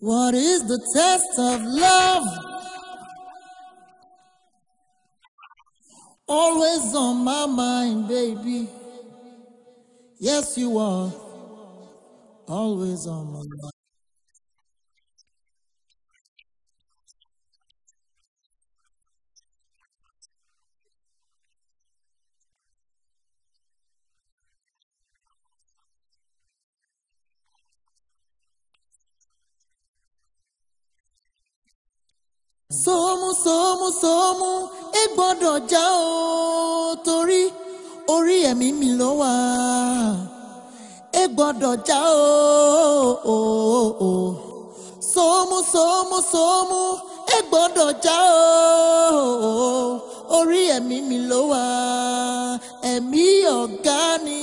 What is the test of love? Always on my mind, baby. Yes, you are. Always on my mind. sóòmù ẹ gbọ́dọ̀ já o torí orí ẹ̀mí mi ló wà ẹ gbọ́dọ̀ já o sóòmù sóòmù sóòmù ẹ gbọ́dọ̀ já o orí ẹ̀mí mi ló wà ẹ̀mí ọ̀gá ni.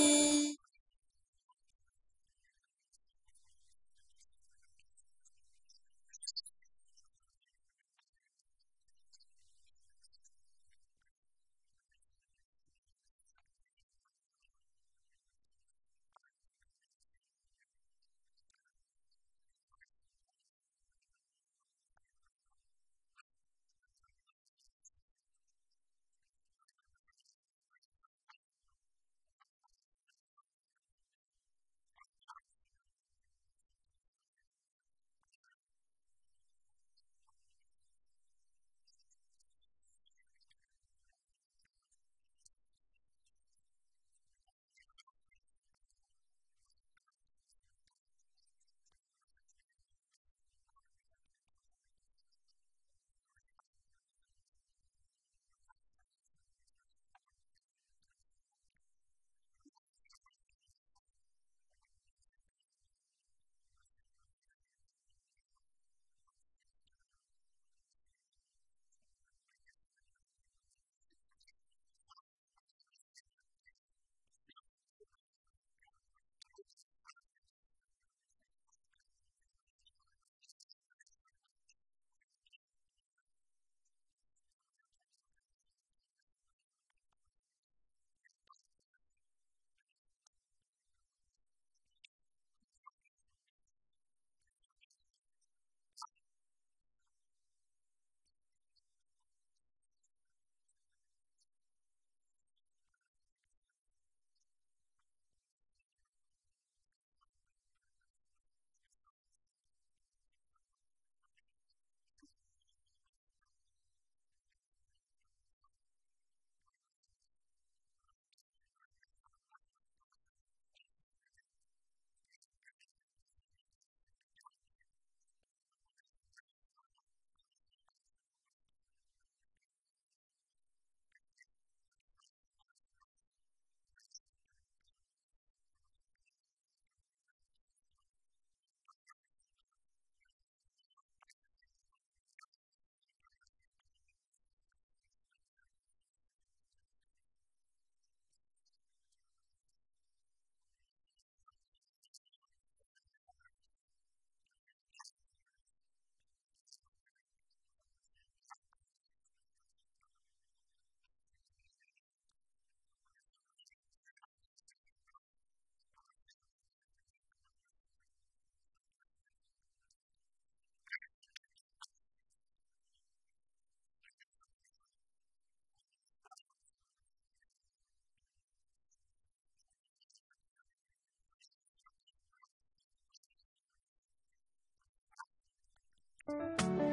Thank you.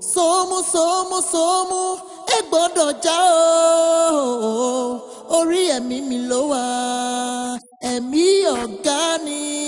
sómú sómú sómú ẹ gbọ́dọ̀ já o orí ẹ̀mí mi ló wà ẹ̀mí ọ̀gá ni.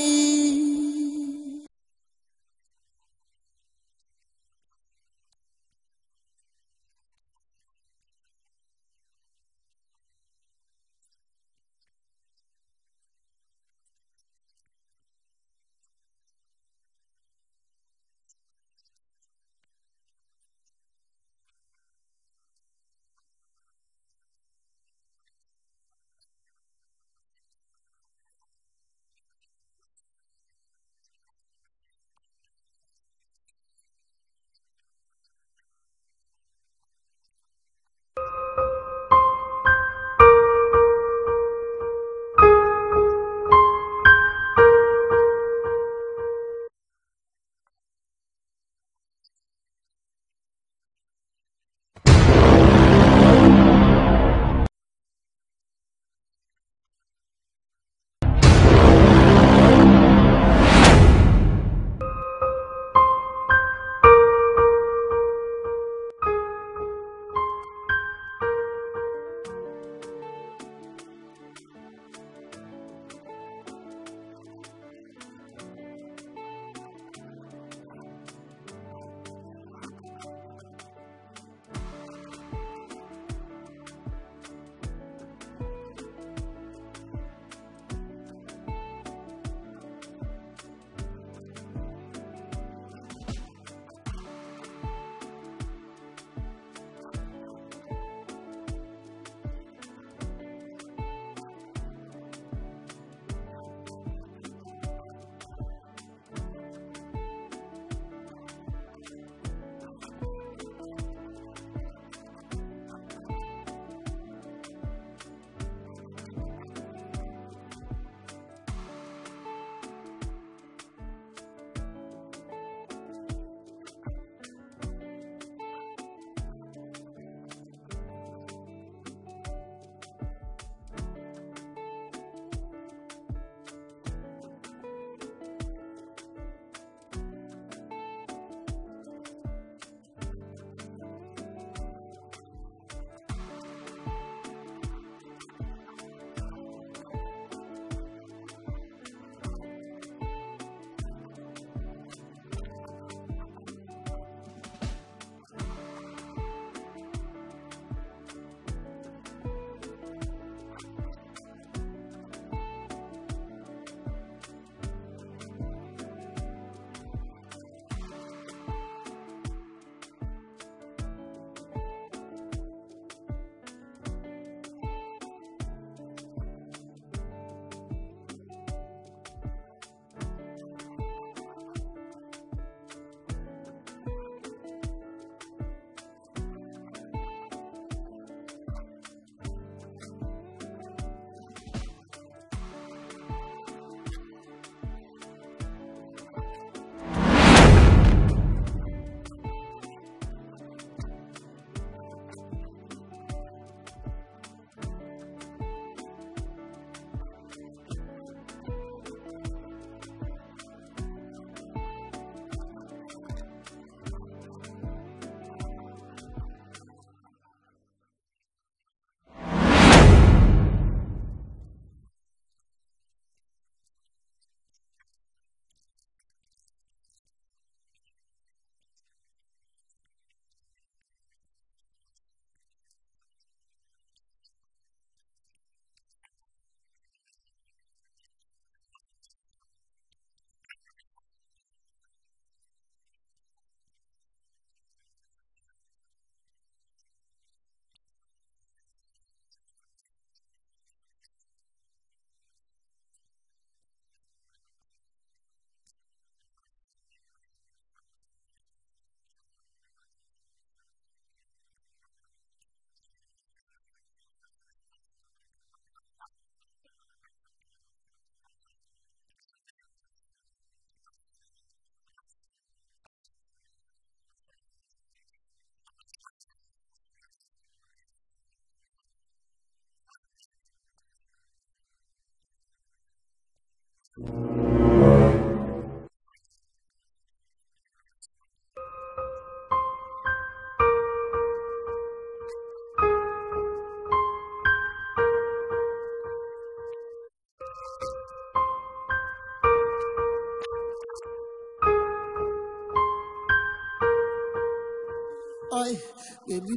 Ay, bèbí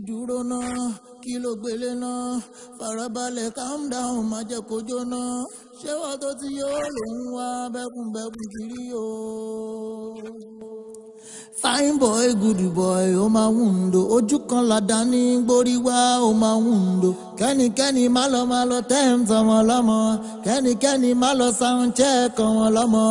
dúró náà, kí ló gbélé náà, farabalẹ̀ calm down, má jẹ́ kó jóná ṣé wọ́n tó ti yó ló wá bẹ́kúnbẹ́kún ti o. fine boy good boy ó máa wùn do ojú kan ládàá ní gbórí wá ó máa wùn do kẹ́nikẹ́ni má lọ má lọ tẹ́ǹtì ọmọ lọ́mọ kẹ́nikẹ́ni má lọ sound check ọmọ lọ́mọ.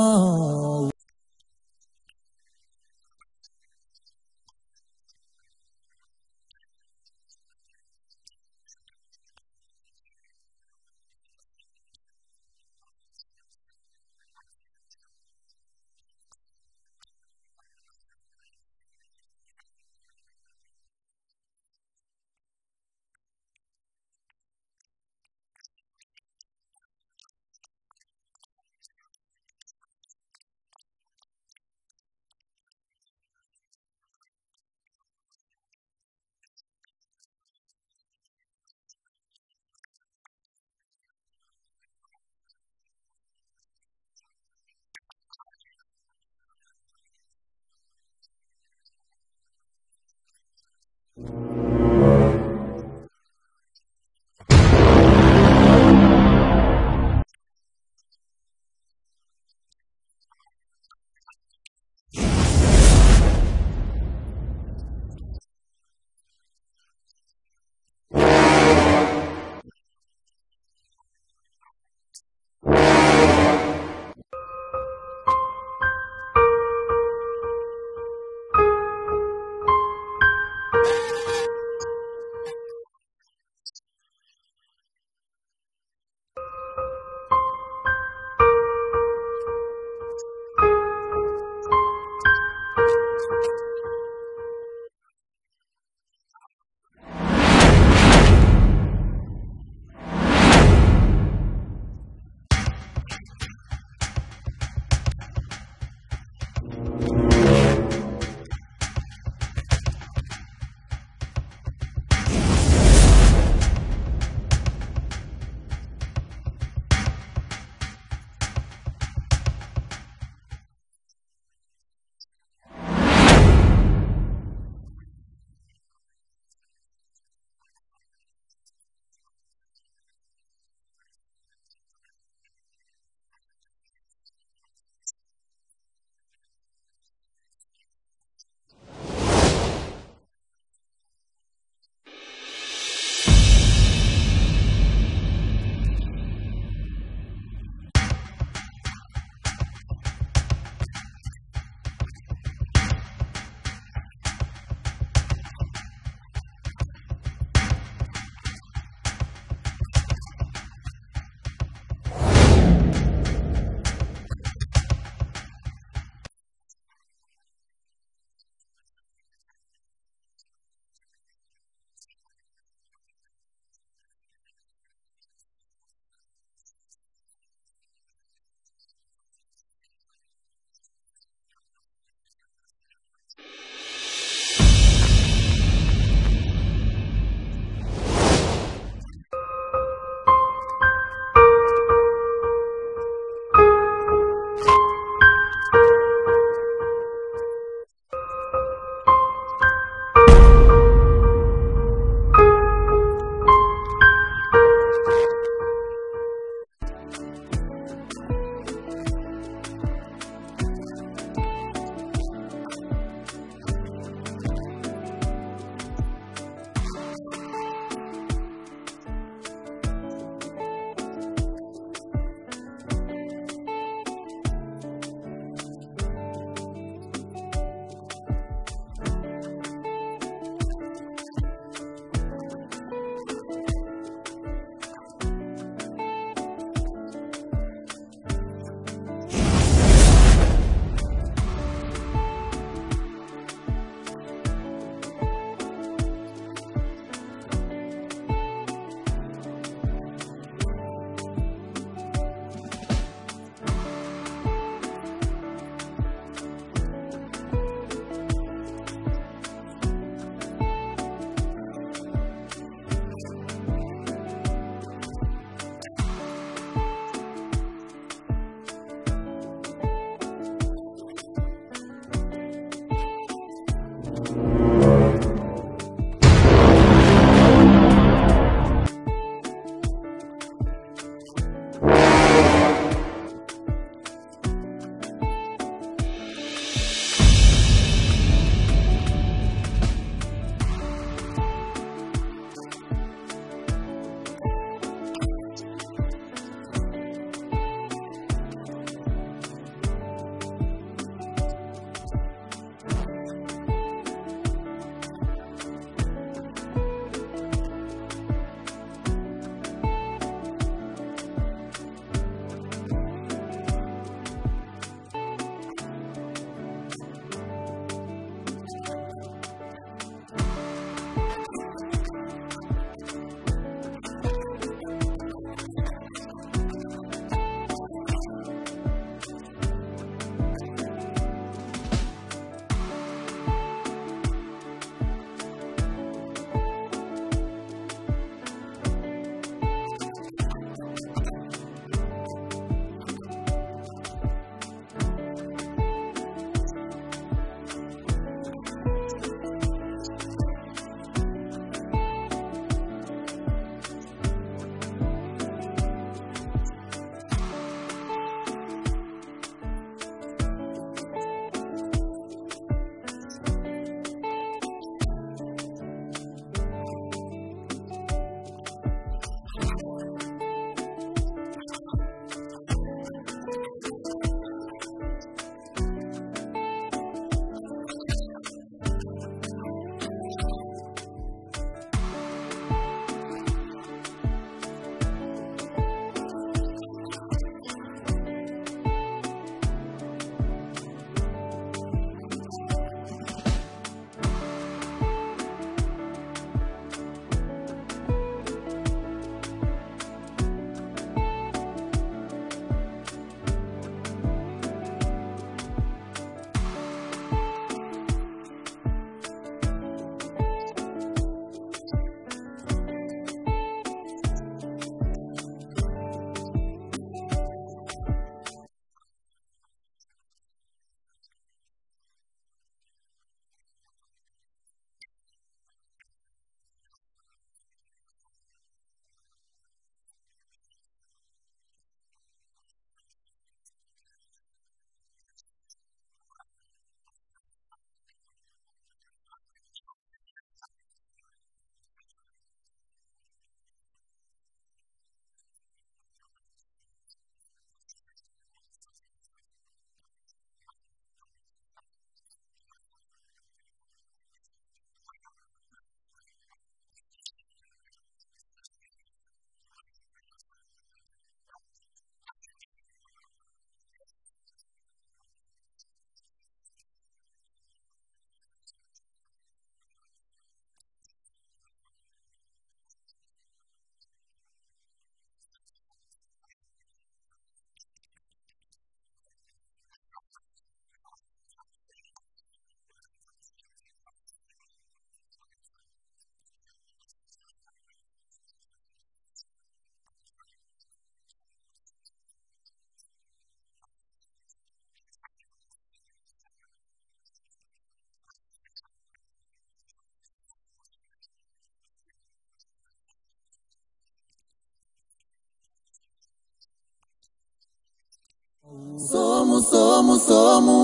sóòmùsóòmù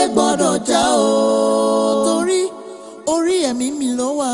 ẹ gbọ́dọ̀ já o. torí orí ẹ̀mí mi ló wà.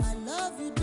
I love you.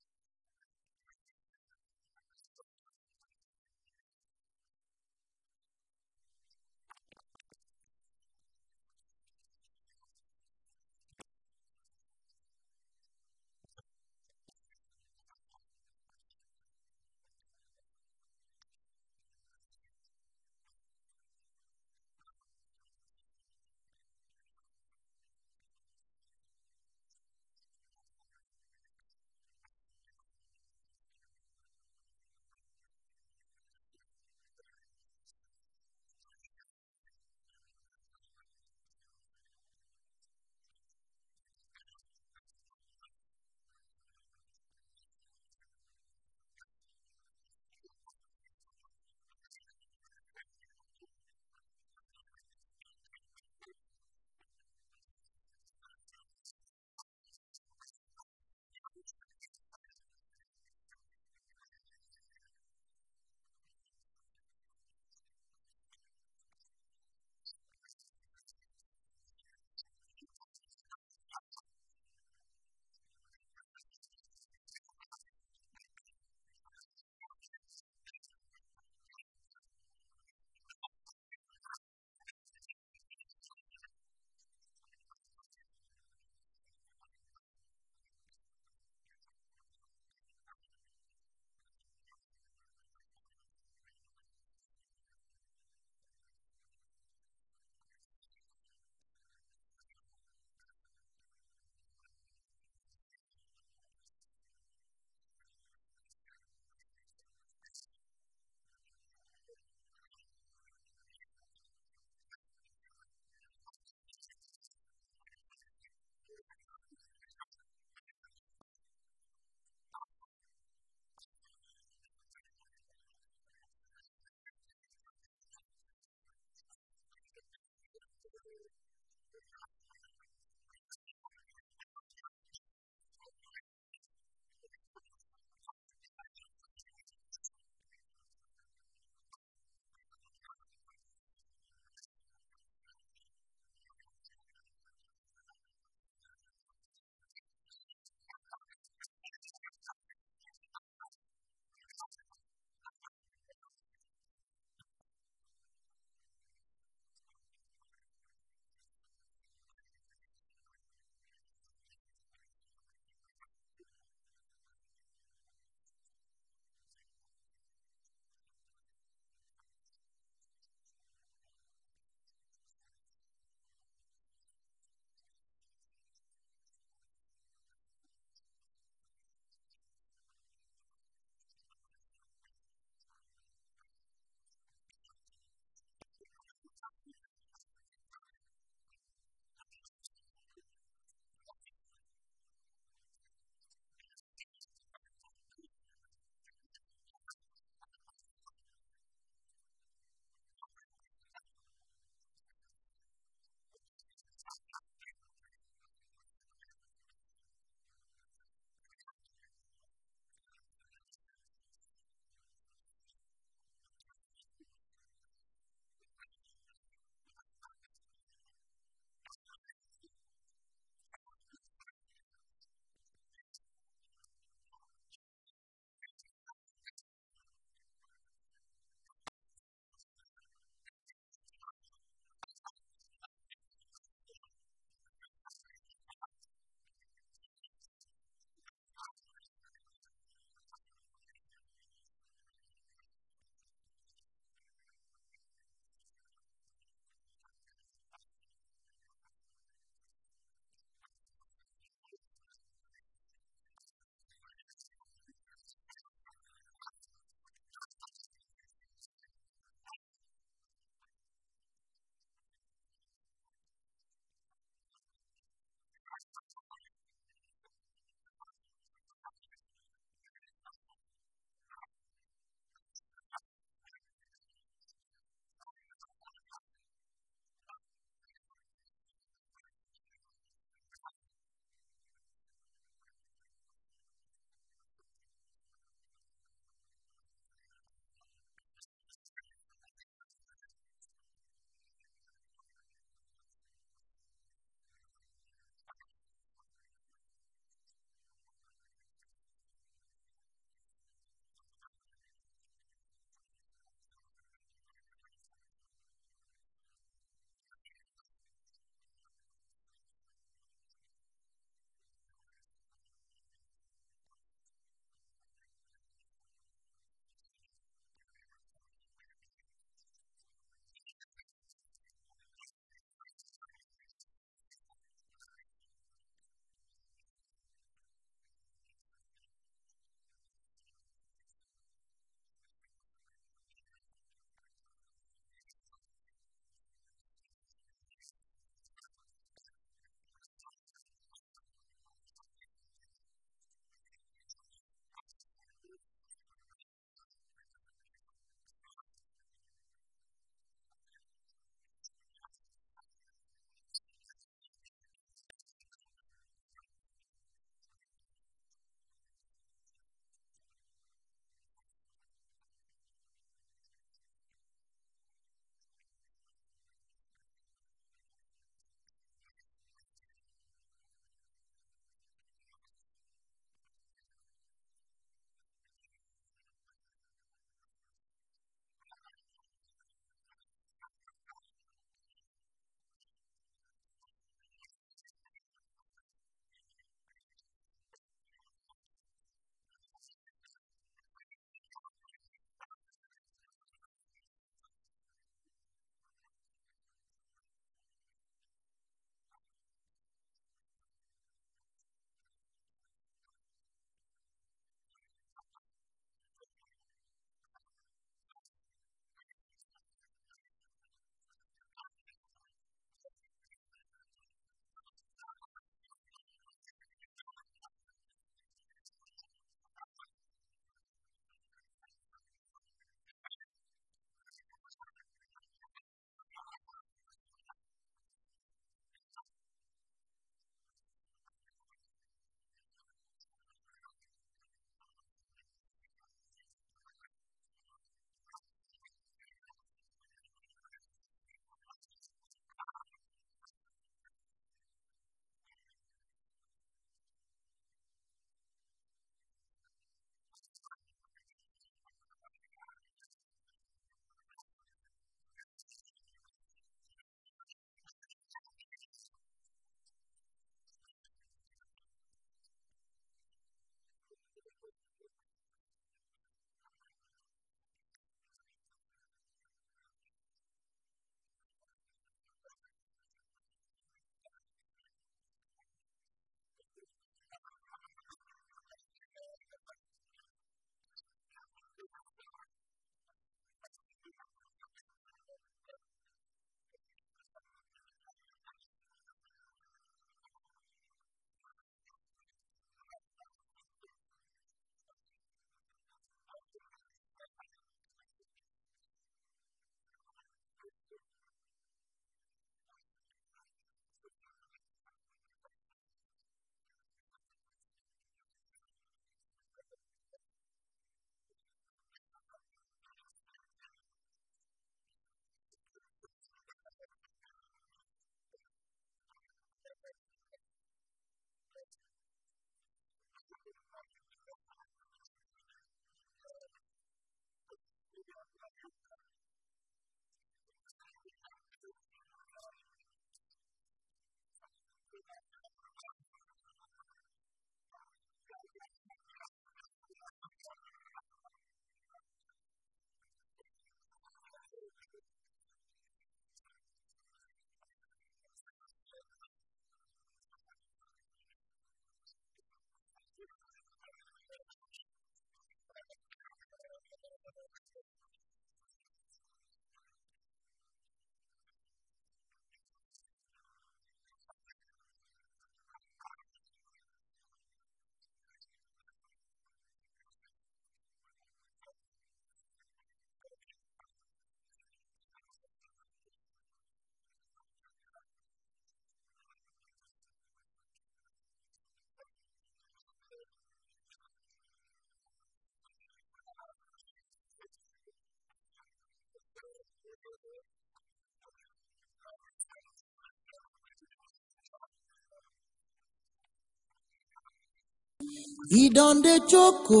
He don dey choko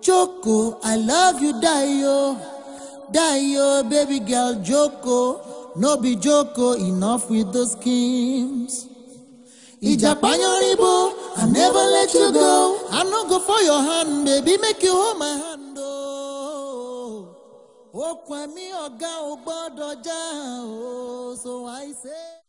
choko I love you, Dio, yo baby girl, Joko. No be Joko, enough with those schemes. Ijapanyoribo, I never let you go. I no go for your hand, baby, make you hold my hand. okùn ẹ̀mí ọ̀gá ò gbọ́dọ̀ já o so I say.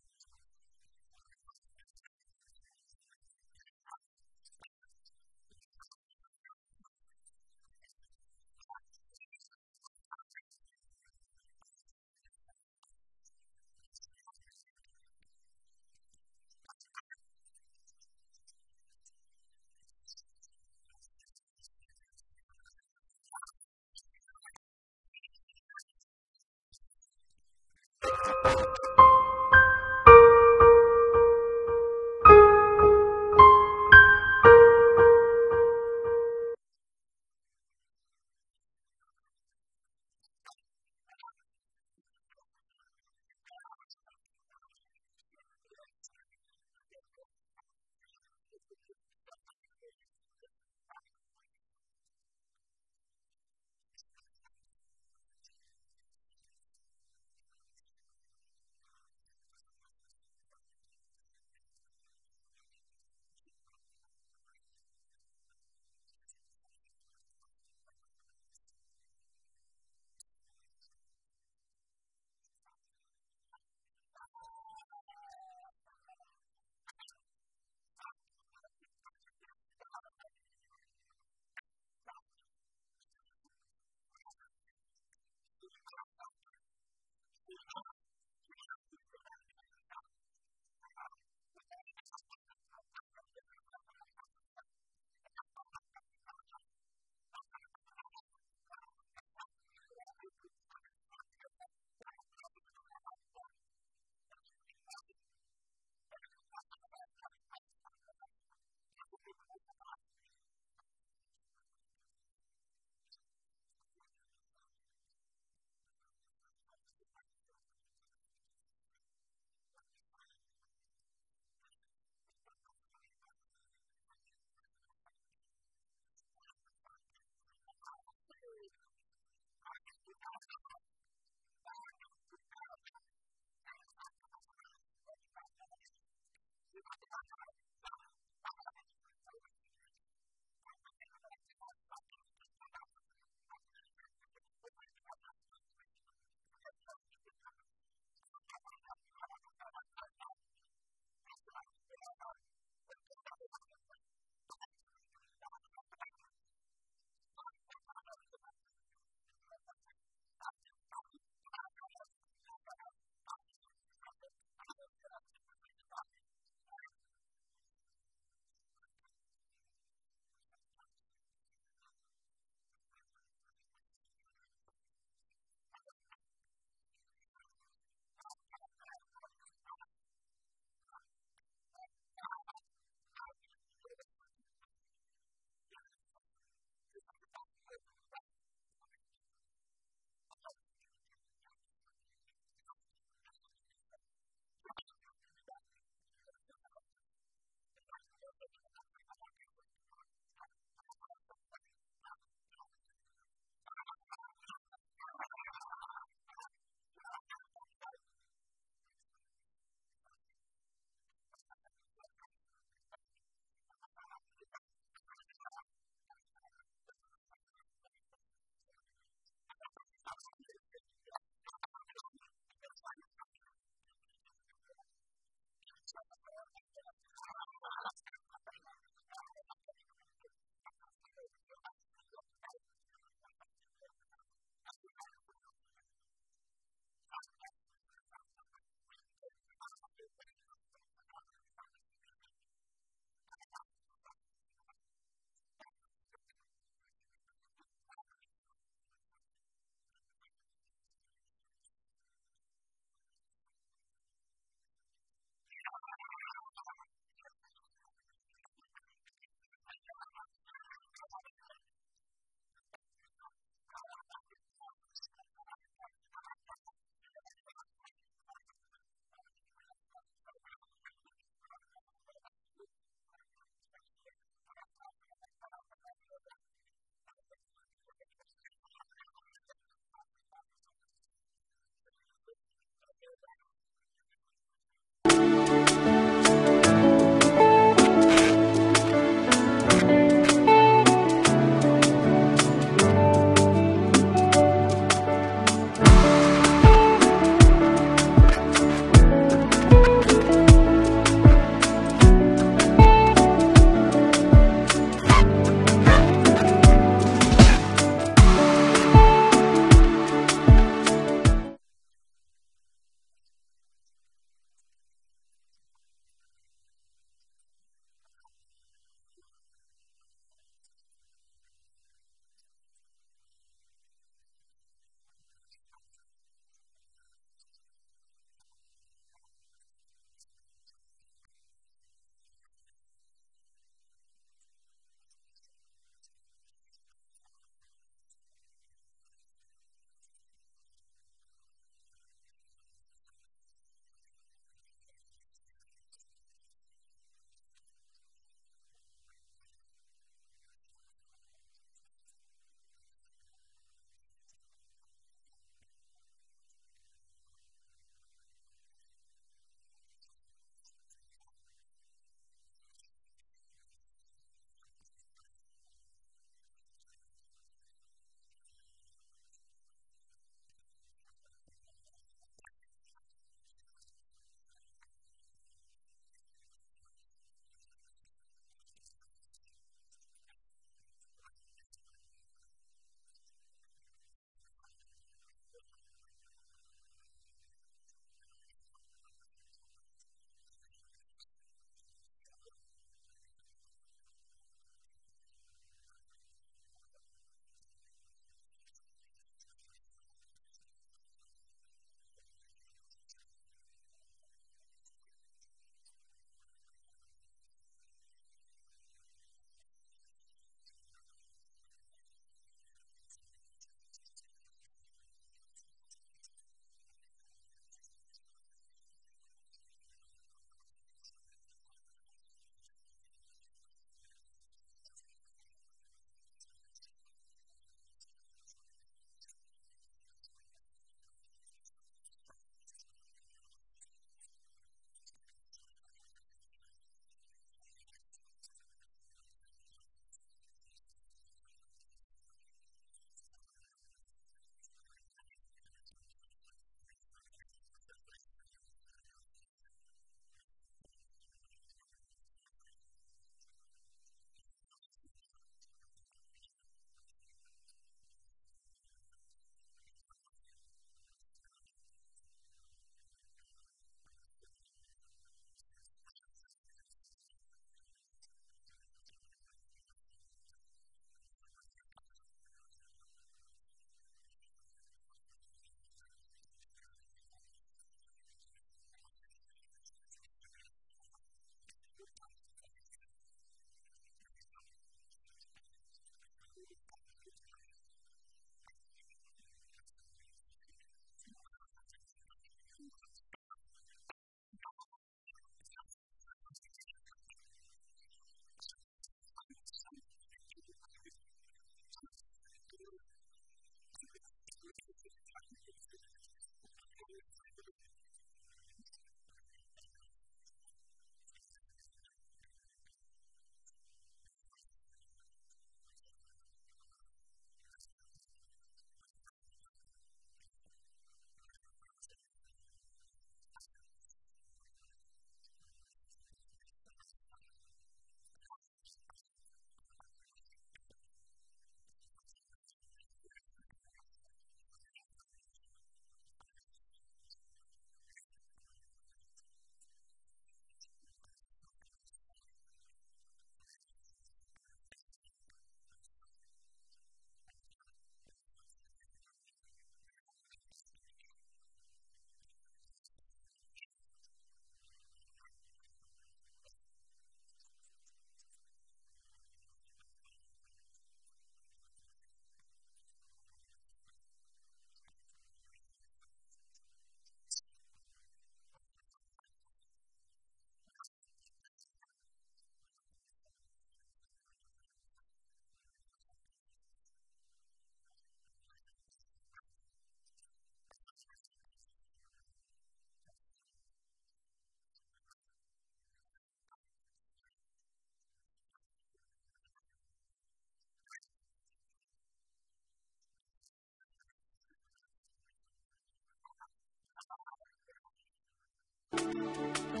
あ。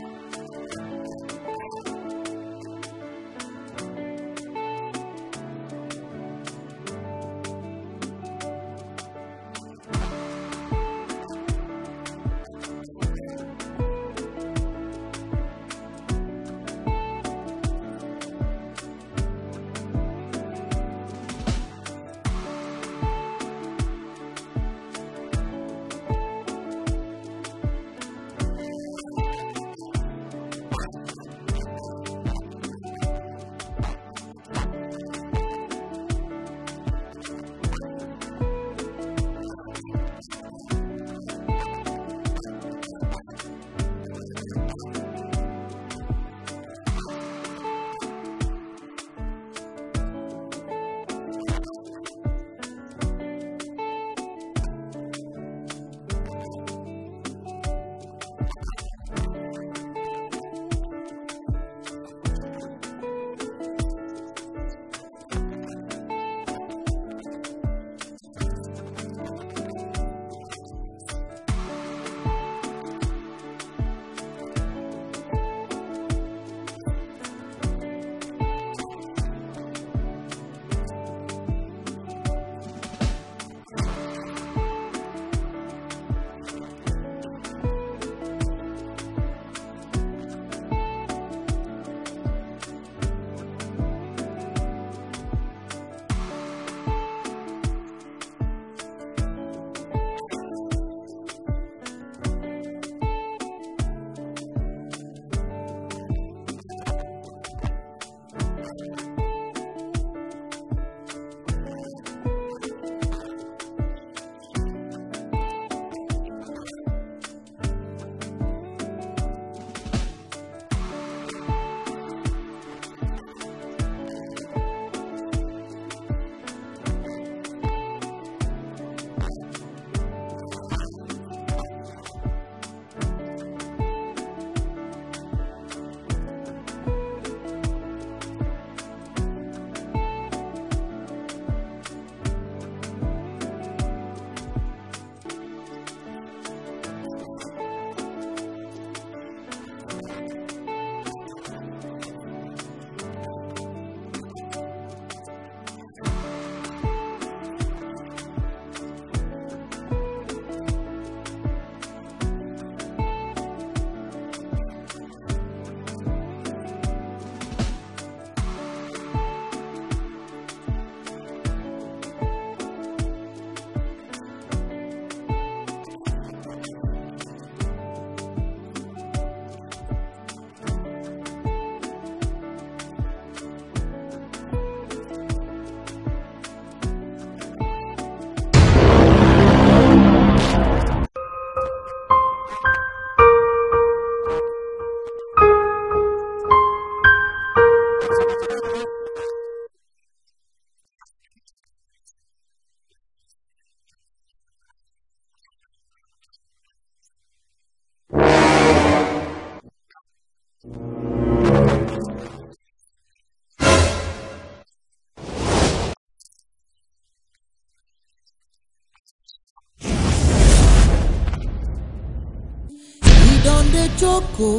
don dey Choko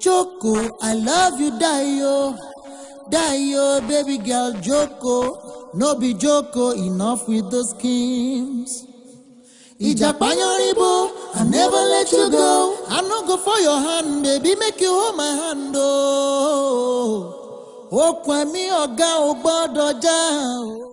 Choko, i love you dayo dayo baby girl joko no be joko enough with those schemes. ìjàpá yanribo i never let you go i no go for your hand baby make you hold my hand ooo. Oh. okùn ẹ̀mí ọ̀gá ò gbọ́dọ̀ já o.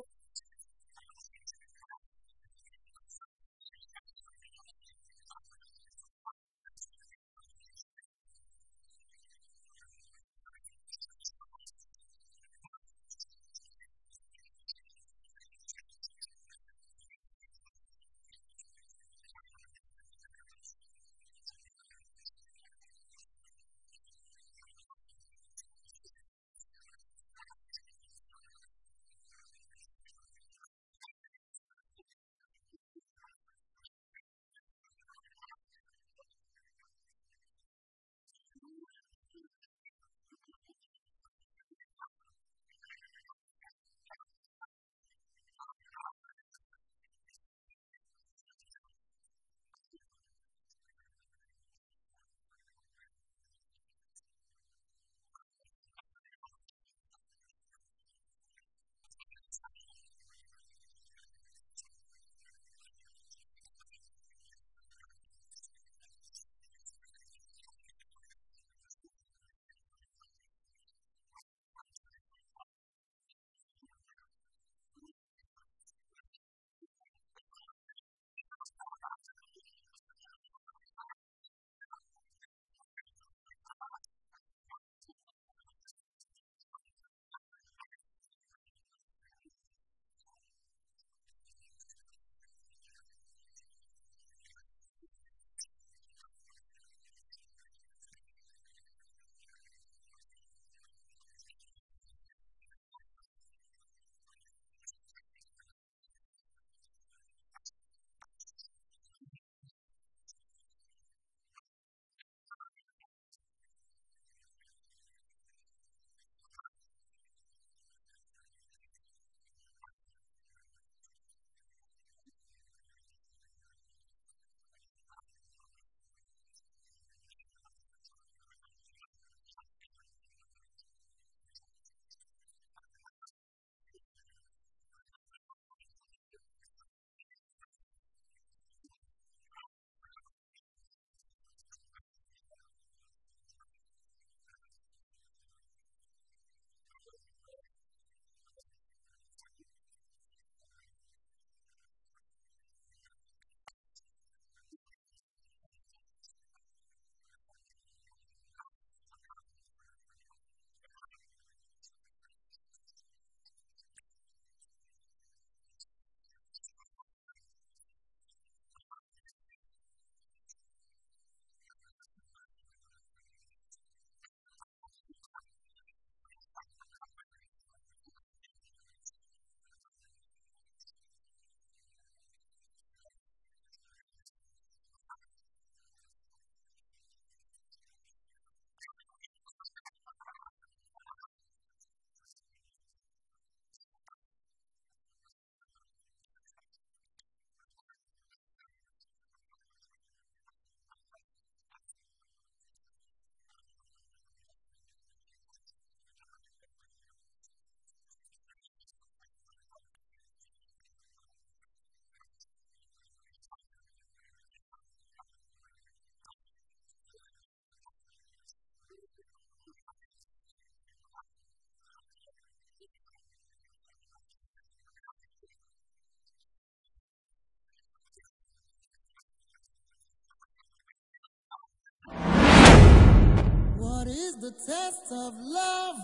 taste of love.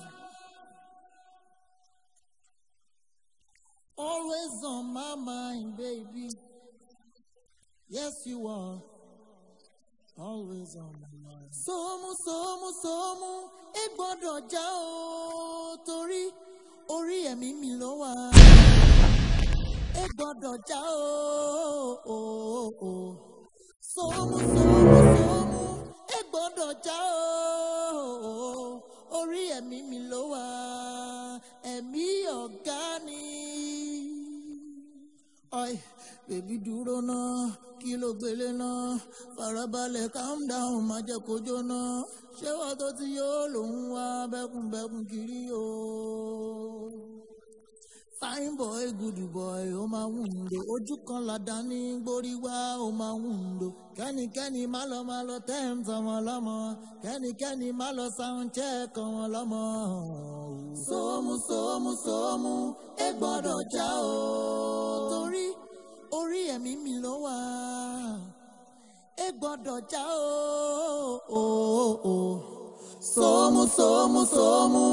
Always on my mind, baby. Yes, you are. Always on my mind. Sómú sómú sómú ẹ gbọ́dọ̀ já o tori ori emi mi ló wà. Ẹ gbọ́dọ̀ já o. Sómú sómú. gbọ́dọ̀ já o orí ẹ̀mí mi ló wà ẹ̀mí ọ̀gá ni. ọ̀ì bèbí dúró náà kí ló gbélé náà farabalẹ̀ calm down má jẹ́ kó jóná ṣé wọ́n tó ti yóò lòún wá bẹ́kùnbẹ́kùn kiri o fine boy good boy O máa wùndò ojú kan ládàá ní gbórí wá ó máa wùndò kẹ́nikẹ́ni má lọ má lọ tẹ́ǹtì wọn lọ́mọ kẹ́nikẹ́ni má lọ sound check wọn lọ́mọ. sóòmù sóòmù sóòmù ẹ gbọ́dọ̀ já o. torí orí ẹ̀mí mi ló wà ẹ gbọ́dọ̀ já o. sóòmù sóòmù sóòmù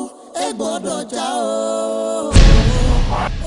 ẹ gbọ́dọ̀ já o. Bye.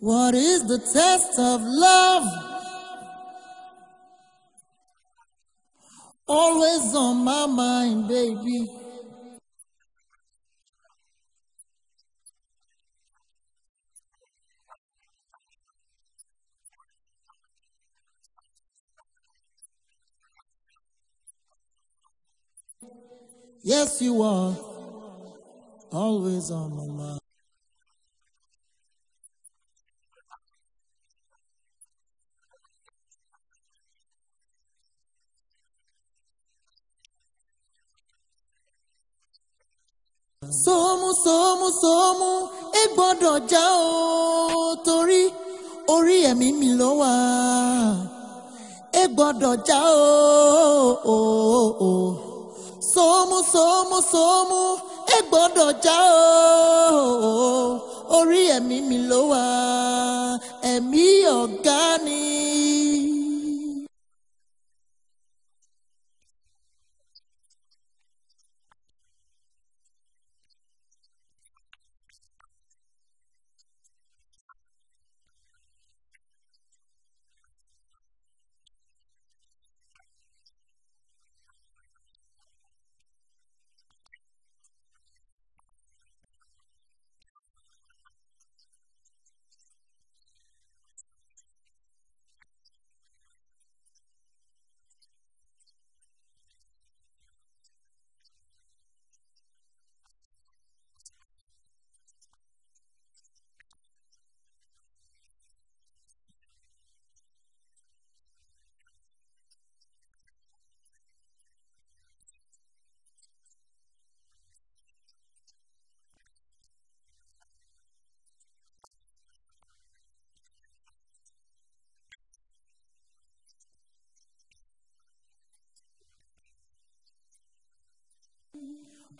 What is the test of love? Always on my mind, baby. Yes, you are always on my mind. sóòmù sóòmù sóòmù ẹ gbọ́dọ̀ já o torí orí ẹ̀mí mi ló wà ẹ gbọ́dọ̀ ja o. o, o, o. sómú sómú sómú ẹ gbọ́dọ̀ já o orí ẹ̀mí mi ló wà ẹ̀mí ọ̀gá ni.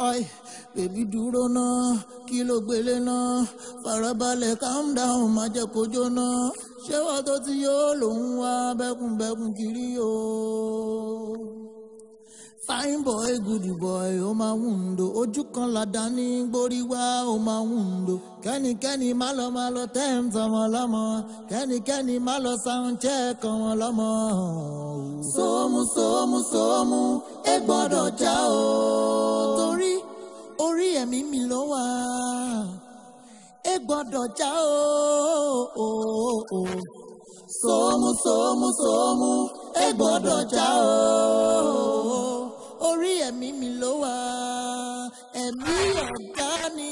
Oi, bèbí dúró náà, kí ló gbélé náà? Farabalẹ̀ calm down, má jẹ́ kó jóná. Ṣé wàá tó ti yóò lòún wá bẹ́kùnbẹ́kùn kiri o? fine boy good boy O máa ń do ojú kan ládà ní gbórí wá ó máa ń do kẹ́nikẹ́ni má lọ má lọ tẹ́ǹs ọmọ lọ́mọ kẹ́nikẹ́ni má lọ soundcheck ọmọ lọ́mọ. sóòmù sóòmù sóòmù ẹ gbọ́dọ̀ já o. torí orí ẹ̀mí mi ló wà ẹ gbọ́dọ̀ já o. sóòmù sóòmù sóòmù ẹ gbọ́dọ̀ já o orí ẹ̀mí mi ló wà ẹ̀mí ọ̀gá ni.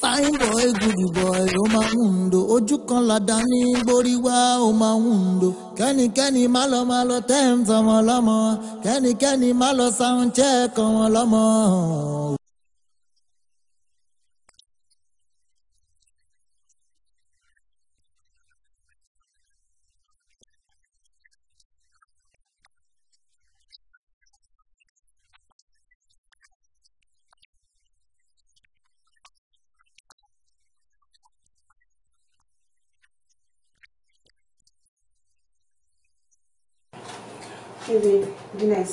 fine boy good boy O máa ń do ojú kan ládà ní borí wá ó máa ń do kẹ́nikẹ́ni má lọ má lọ tẹ́ ń sọmọ lọ́mọ kẹ́nikẹ́ni má lọ sound check ọmọ lọ́mọ.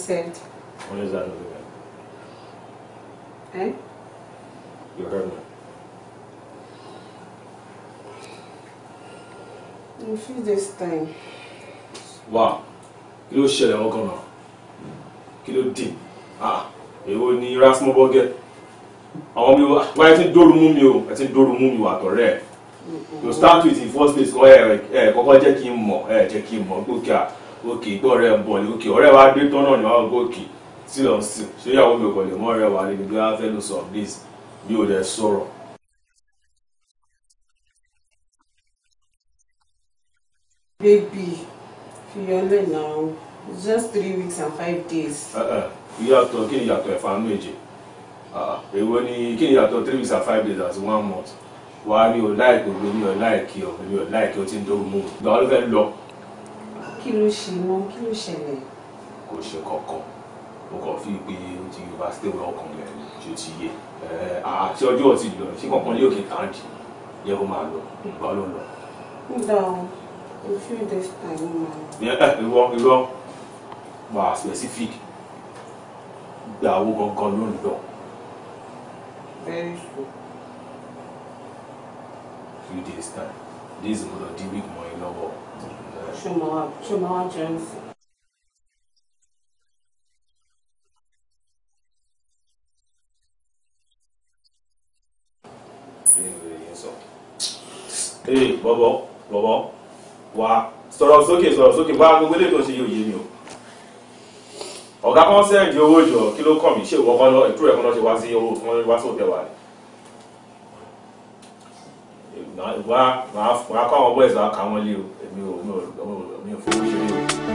said. When is that other guy? Eh? You heard me. You feel this days time. Wow. Kí ló ṣẹlẹ̀ wọn gan-an? Kí Ah, èwo ni Rasmus Bọ́gẹ́? Àwọn mi wá ẹ you. ń dóoru mú mi o, ẹ ti ń dóoru mú mi wà tọ̀rẹ́ ẹ̀. You start with the first place kọ́ eh. kọ́kọ́ jẹ́ kí n mọ̀ Eh, jẹ́ kí n mọ̀ gbókè òkè ìgbọ́ ọ̀rẹ́ ń bọ̀ ní òkè ọ̀rẹ́ wa dé tán náà ní wàá gòkè tí lọ sí ṣé ìyàwó mi ò kọ̀ lè mọ́ ọ̀rẹ́ wa níbi bí wọ́n fẹ́ lò sọ this mi ò dẹ̀ sọ̀rọ̀. baby fi yọlẹ̀ náà it's just three weeks and five days. Eh, eh. ìyàtọ̀ kí ni ìyàtọ̀ ẹ̀fà méje ah, ah. èwo ni kí ni ìyàtọ̀ three weeks and five days àti one month wàá mi ò láìkì ògbé mi ò láìkì ò mi ò láìkì ó ti ń dóhùn mú un ìgbà wọn ló fẹ́ lọ kí ló ṣe wọn kí ló ṣẹlẹ̀. kò ṣe kankan mo kàn fi pé ti yunifásitì wọn ọkàn rẹ ṣe ti yé àti ọjọ́ ti lọ sí kankan yóò kí n yẹ kó máa lọ nǹkan ló lọ. ń dà o a few days time ó máa lọ. irọ́ irọ́ wà specific gba owó gangan ló ń lọ. very soon. few days time this is gonna di week mọ́ ẹ lọ́wọ́. Shumawa, Shumawa Johnson. ee bọ̀bọ̀ bọ̀bọ̀ wá sọ̀rọ̀ sókè sọ̀rọ̀ sókè wá gbogbo ilé tó ń ṣe yóò yé mi o ọ̀gá kan sẹ́ẹ̀dì owó jọ kí ló kàn mí ṣé ìwọ kan lọ ìtúrẹ̀ kan lọ ṣe wá sí owó kan lọ wá sí òtẹ́wà rẹ̀ wàá kọ́ àwọn boys wàá kà wọ́n lé o èmi ò mi ò fowó ṣeré o.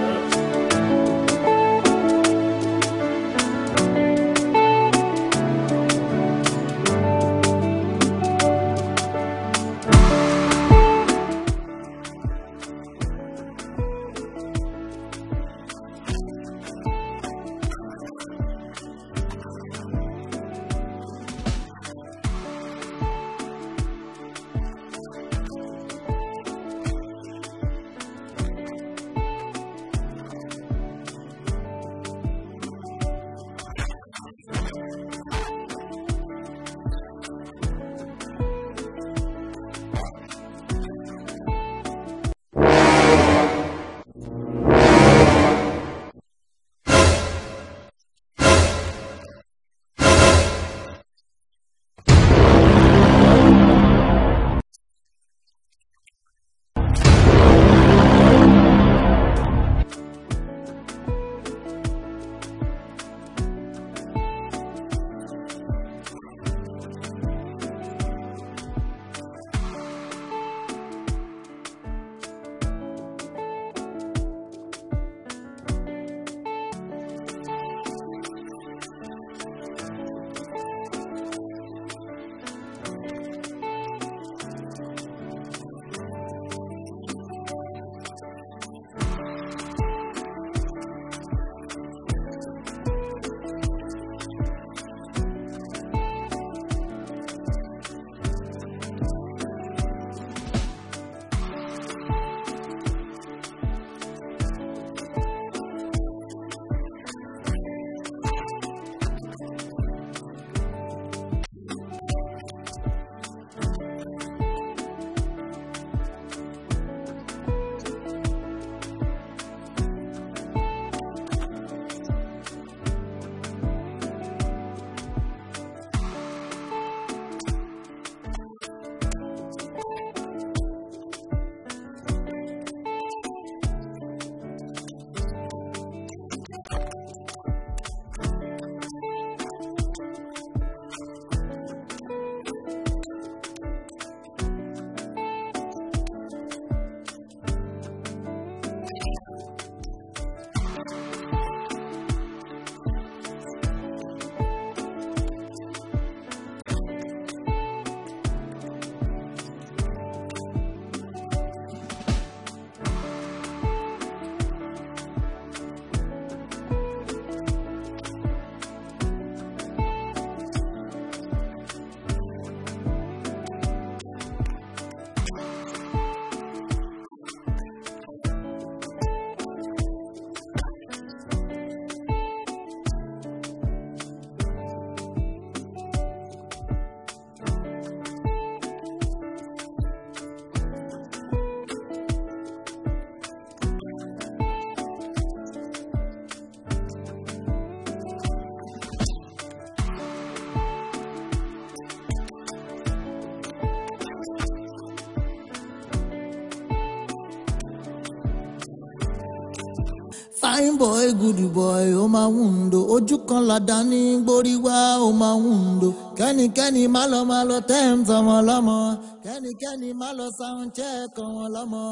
fineboy goodboy o mawundo oju kan lada ni igbori wa o mawundo kenikeni malomalo tems onwalomo kenikeni malo saunce kan onwalomo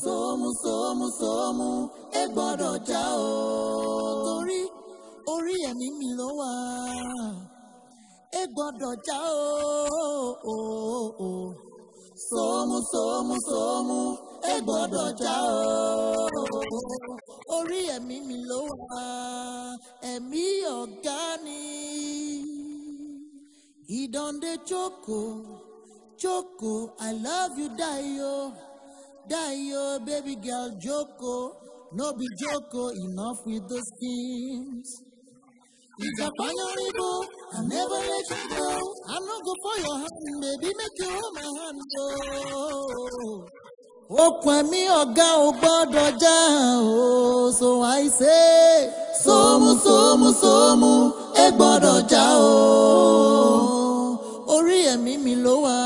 so mu so mu so mu egbodo ja o to ri ori emimi lo wa egbodo ja o o so mu so mu so mu egbodo ja torí ẹ̀mí mi ló wà ẹ̀mí ọ̀gá ni. Ìdánde jókòó jókòó I love you Dayo Dayo baby girl jókòó no be jókòó enough with those things. Ìjàpá yóò rí bó I never let you go I no go for your hand baby make you hold my hand o. Oh. okùn mi ọ̀gá ò gbọ́dọ̀ já o so I say. sómú sómú sómú ẹ gbọ́dọ̀ já o. orí ẹ̀mí mi ló wà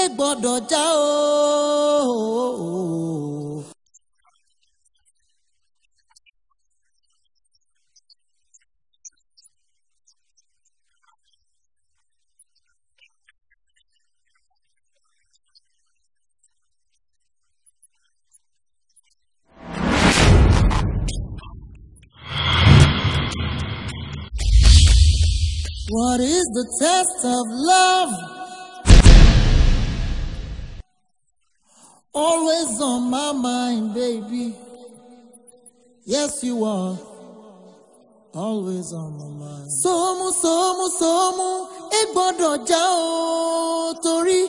ẹ gbọ́dọ̀ já o. What is the test of love? Always on my mind, baby. Yes, you are. Always on my mind. Somu, somu, somu, ẹ gbọ́dọ̀ já o torí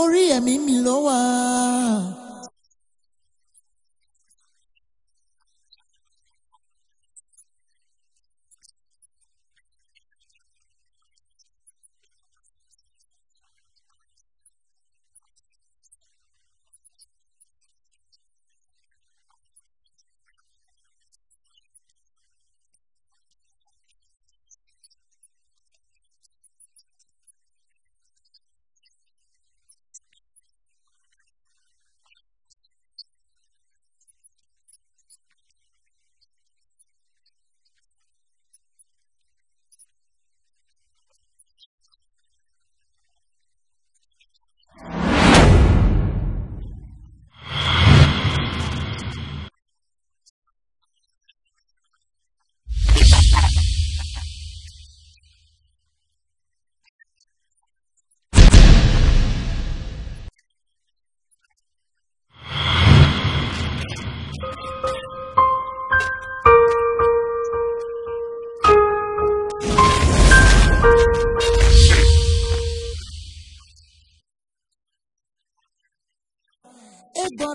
orí ẹ̀mí mi ló wà.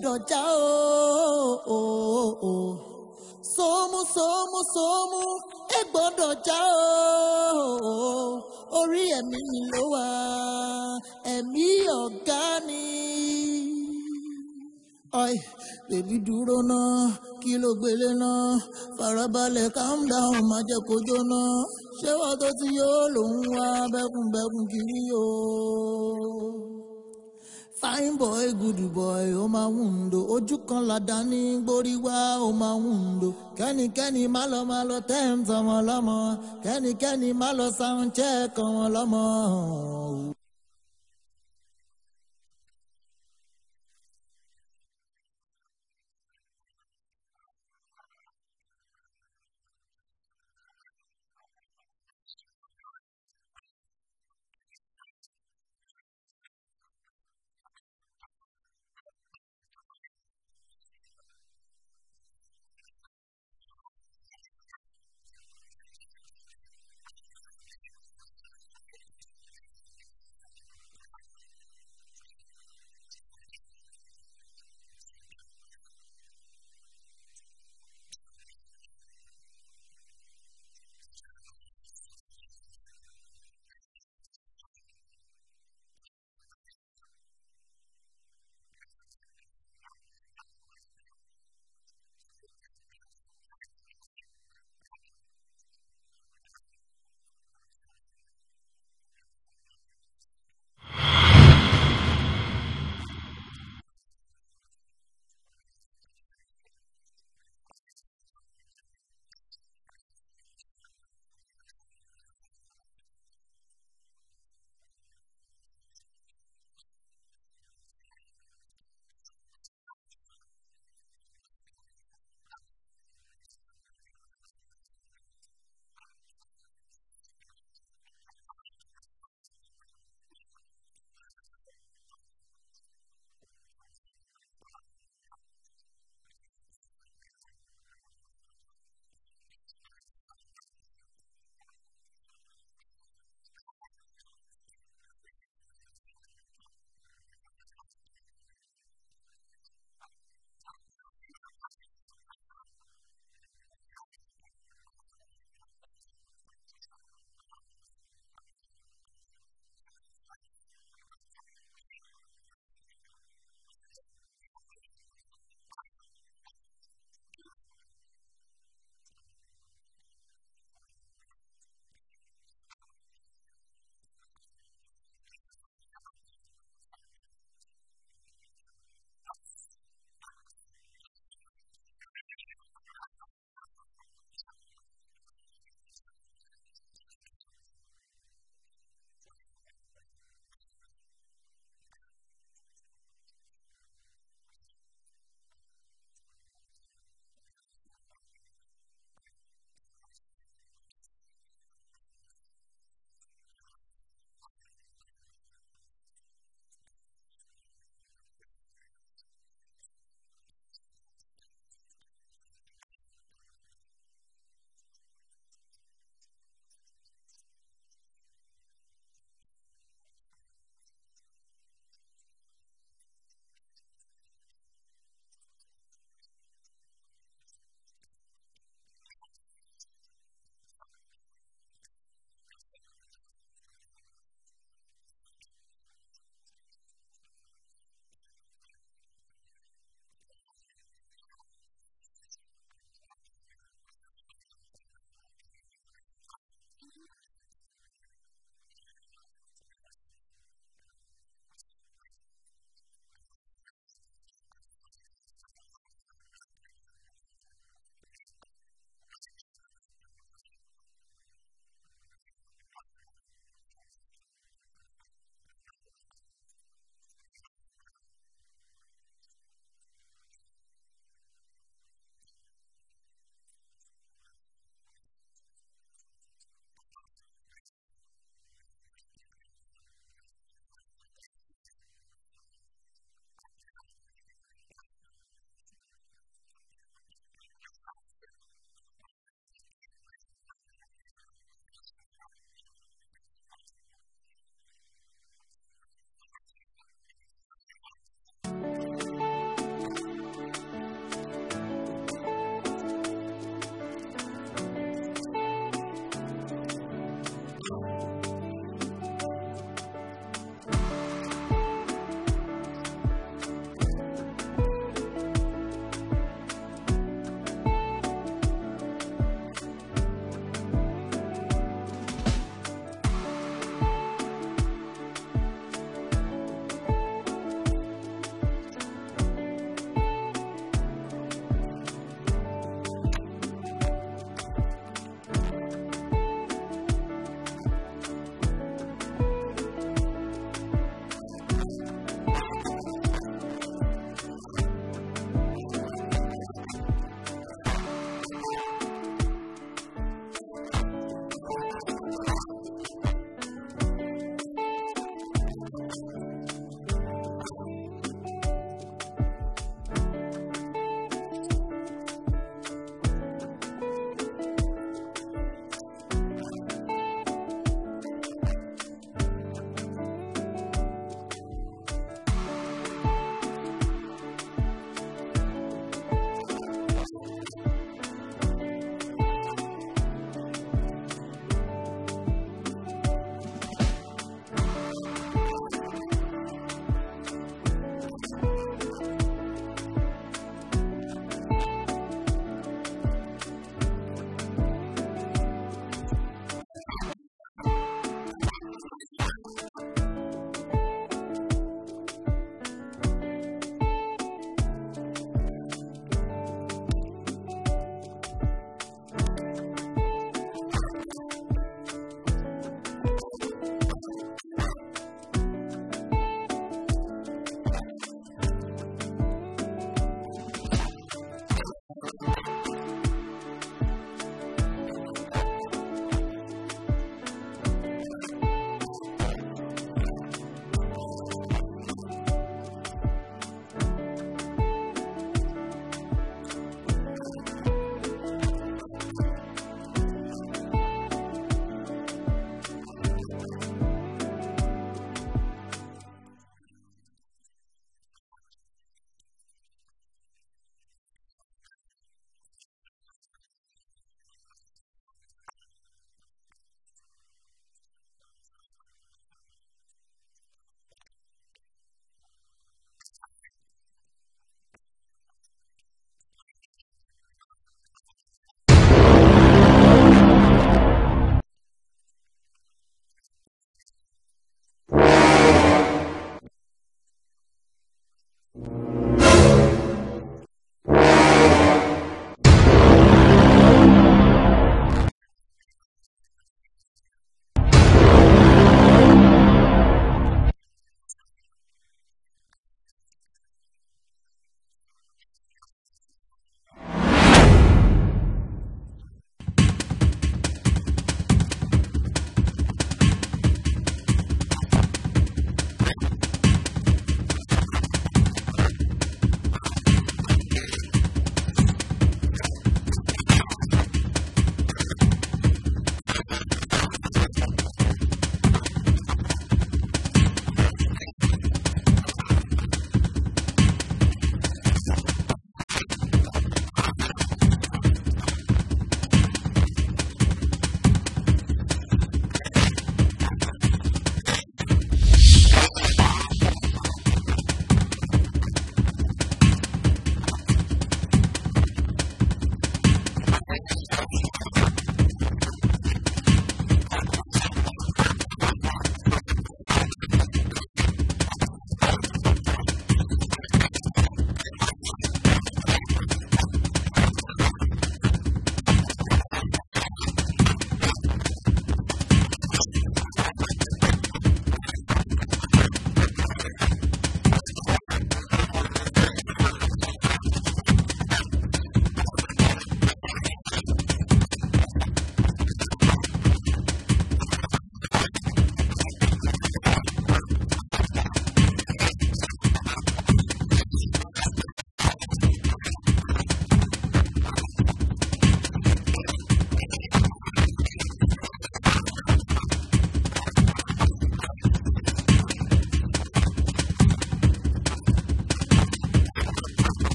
gbọ́dọ̀ já o. Sómú sómú sómú ẹ gbọ́dọ̀ já o. Orí ẹ̀mí mi ló wà, ẹ̀mí ọ̀gá ni. Ọ̀ì bèbí dúró náà, kí ló gbélé náà? Farabalẹ̀ calm down, má jẹ́ kó jóná. Ṣé wàá tó ti yóò lòún wá bẹ́kùnbẹ́kùn kiri o? fine boy good boy O máa wùndò ojú kan ládàá ní gbórí wá ó máa wùndò kẹ́nikẹ́ni má lọ má lọ tẹ́ǹtì ọmọ lọ́mọ kẹ́nikẹ́ni má lọ sound check ọmọ lọ́mọ.